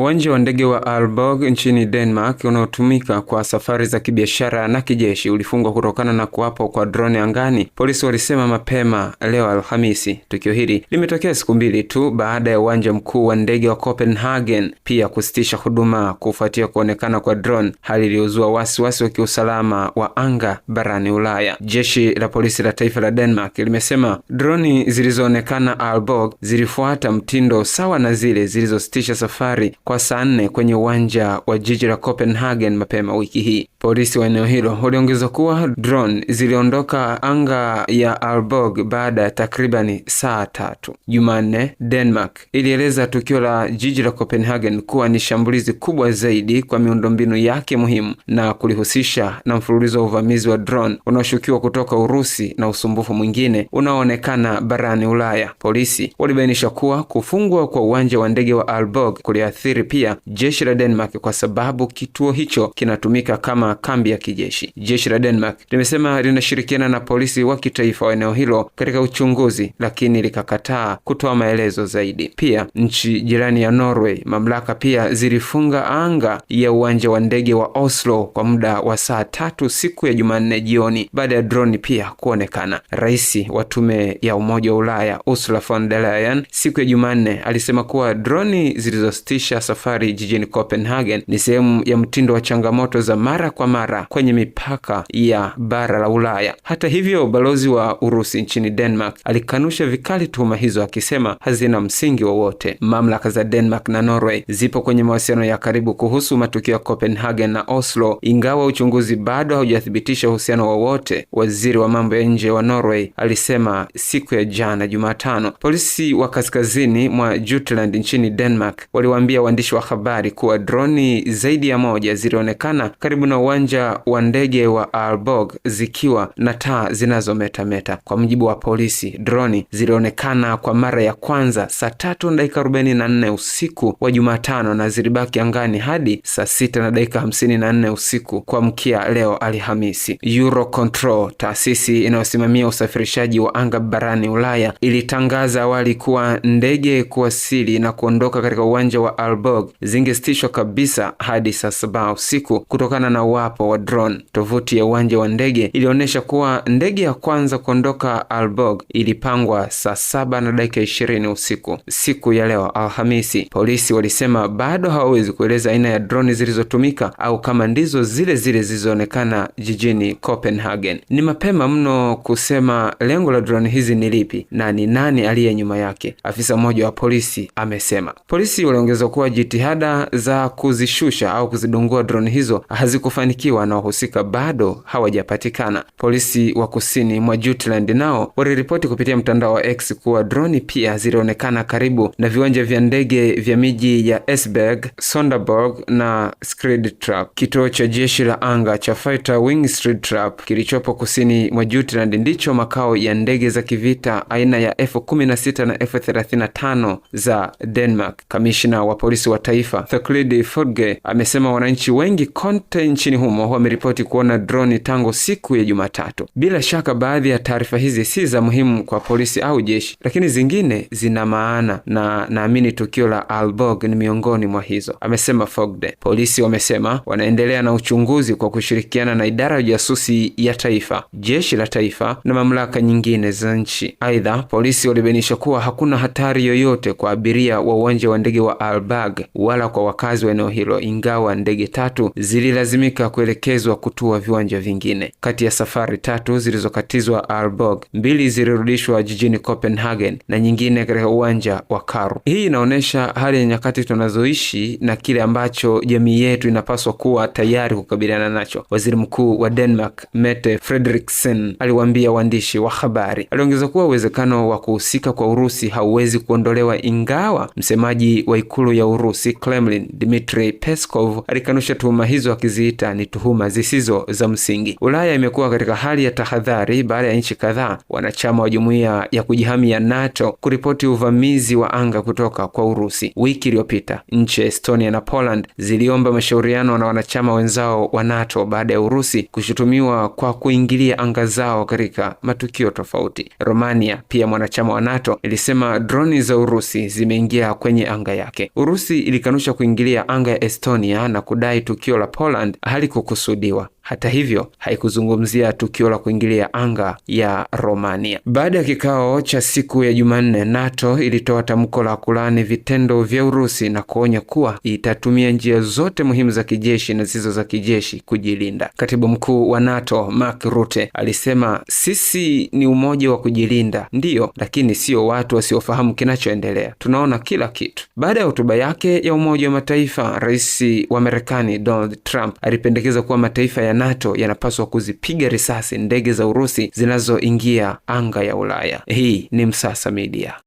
Uwanja wa ndege wa Aalborg nchini Denmark unaotumika kwa safari za kibiashara na kijeshi ulifungwa kutokana na kuwapo kwa drone angani, polisi walisema mapema leo Alhamisi. Tukio hili limetokea siku mbili tu baada ya uwanja mkuu wa ndege wa Copenhagen pia kusitisha huduma kufuatia kuonekana kwa drone, hali iliyozua wasiwasi wa kiusalama wa anga barani Ulaya. Jeshi la polisi la taifa la Denmark limesema droni zilizoonekana Aalborg zilifuata mtindo sawa na zile zilizositisha safari kwa saa nne kwenye uwanja wa jiji la Copenhagen mapema wiki hii. Polisi wa eneo hilo waliongeza kuwa drone ziliondoka anga ya Aalborg baada ya takribani saa tatu. Jumanne, Denmark ilieleza tukio la jiji la Copenhagen kuwa ni shambulizi kubwa zaidi kwa miundombinu yake muhimu na kulihusisha na mfululizo wa uvamizi wa drone unaoshukiwa kutoka Urusi na usumbufu mwingine unaoonekana barani Ulaya. Polisi walibainisha kuwa kufungwa kwa uwanja wa ndege wa Aalborg kuliathiri kusafiri pia jeshi la Denmark kwa sababu kituo hicho kinatumika kama kambi ya kijeshi. Jeshi la Denmark limesema linashirikiana na polisi wa kitaifa wa eneo hilo katika uchunguzi, lakini likakataa kutoa maelezo zaidi. Pia nchi jirani ya Norway, mamlaka pia zilifunga anga ya uwanja wa ndege wa Oslo kwa muda wa saa tatu siku ya Jumanne jioni baada ya droni pia kuonekana. Rais wa tume ya Umoja wa Ulaya Ursula von der Leyen siku ya Jumanne alisema kuwa droni zilizositisha ya safari jijini Copenhagen ni sehemu ya mtindo wa changamoto za mara kwa mara kwenye mipaka ya bara la Ulaya. Hata hivyo, balozi wa Urusi nchini Denmark alikanusha vikali tuhuma hizo, akisema hazina msingi wowote. Mamlaka za Denmark na Norway zipo kwenye mawasiliano ya karibu kuhusu matukio ya Copenhagen na Oslo, ingawa uchunguzi bado haujathibitisha uhusiano wowote. Waziri wa mambo ya nje wa Norway alisema siku ya jana Jumatano. Polisi wa kaskazini mwa Jutland nchini Denmark waliwaambia waandishi wa habari kuwa droni zaidi ya moja zilionekana karibu na uwanja wa ndege wa Aalborg zikiwa na taa zinazometameta. Kwa mujibu wa polisi, droni zilionekana kwa mara ya kwanza saa tatu na dakika arobaini na nne usiku wa Jumatano na zilibaki angani hadi saa sita na dakika hamsini na nne usiku mkia leo Alhamisi. Eurocontrol, taasisi inayosimamia usafirishaji wa anga barani Ulaya, ilitangaza awali kuwa ndege kuwasili na kuondoka katika uwanja wa Aalborg Marburg zingesitishwa kabisa hadi saa saba usiku kutokana na uwapo wa drone. Tovuti ya uwanja wa ndege ilionyesha kuwa ndege ya kwanza kuondoka Alborg ilipangwa saa saba na dakika ishirini usiku siku ya leo Alhamisi. Polisi walisema bado hawawezi kueleza aina ya droni zilizotumika au kama ndizo zile zile zilizoonekana jijini Copenhagen. Ni mapema mno kusema lengo la droni hizi ni lipi na ni nani aliye nyuma yake, afisa mmoja wa polisi amesema. Polisi waliongeza kuwa kuwa jitihada za kuzishusha au kuzidungua droni hizo hazikufanikiwa na wahusika bado hawajapatikana. Polisi wa kusini mwa Jutland nao waliripoti kupitia mtandao wa X kuwa droni pia zilionekana karibu na viwanja vya ndege vya miji ya Esbjerg, Sonderborg na Skridtrap. Kituo cha jeshi la anga cha Fighter Wing Skridtrap kilichopo kusini mwa Jutland ndicho makao ya ndege za kivita aina ya F16 na F35 za Denmark. Kamishna wa polisi polisi wa taifa Thaclid Forge amesema wananchi wengi kote nchini humo wameripoti kuona droni tangu siku ya Jumatatu. Bila shaka baadhi ya taarifa hizi si za muhimu kwa polisi au jeshi, lakini zingine zina maana na naamini tukio la albog ni miongoni mwa hizo, amesema Fogde. Polisi wamesema wanaendelea na uchunguzi kwa kushirikiana na idara ya ujasusi ya taifa, jeshi la taifa na mamlaka nyingine za nchi. Aidha, polisi walibainisha kuwa hakuna hatari yoyote kwa abiria wa uwanja wa ndege wa Aalborg Hague wala kwa wakazi wa eneo hilo, ingawa ndege tatu zililazimika kuelekezwa kutua viwanja vingine. Kati ya safari tatu zilizokatizwa Aalborg, mbili zilirudishwa jijini Copenhagen na nyingine katika uwanja wa Karu. Hii inaonyesha hali ya nyakati tunazoishi na kile ambacho jamii yetu inapaswa kuwa tayari kukabiliana nacho. Waziri Mkuu wa Denmark Mette Frederiksen aliwaambia waandishi wa habari. Aliongeza kuwa uwezekano wa kuhusika kwa Urusi hauwezi kuondolewa, ingawa msemaji wa ikulu ya Urusi Urusi Kremlin Dmitry Peskov alikanusha tuhuma hizo akiziita ni tuhuma zisizo za msingi. Ulaya imekuwa katika hali ya tahadhari baada ya nchi kadhaa wanachama wa jumuiya ya kujihamia NATO kuripoti uvamizi wa anga kutoka kwa Urusi. Wiki iliyopita nchi ya Estonia na Poland ziliomba mashauriano na wanachama wenzao wa NATO baada ya Urusi kushutumiwa kwa kuingilia anga zao katika matukio tofauti. Romania pia mwanachama wa NATO ilisema droni za Urusi zimeingia kwenye anga yake. Urusi Urusi ilikanusha kuingilia anga ya Estonia na kudai tukio la Poland halikukusudiwa. Hata hivyo, haikuzungumzia tukio la kuingilia anga ya Romania. Baada ya kikao cha siku ya Jumanne, NATO ilitoa tamko la kulani vitendo vya Urusi na kuonya kuwa itatumia njia zote muhimu za kijeshi na zisizo za kijeshi kujilinda. Katibu mkuu wa NATO Mark Rutte alisema, sisi ni umoja wa kujilinda, ndiyo, lakini sio watu wasiofahamu kinachoendelea. Tunaona kila kitu. Baada ya hotuba yake ya Umoja wa Mataifa, rais wa Marekani Donald Trump alipendekeza kuwa mataifa ya NATO yanapaswa kuzipiga risasi ndege za Urusi zinazoingia anga ya Ulaya. Hii ni Msasa Media.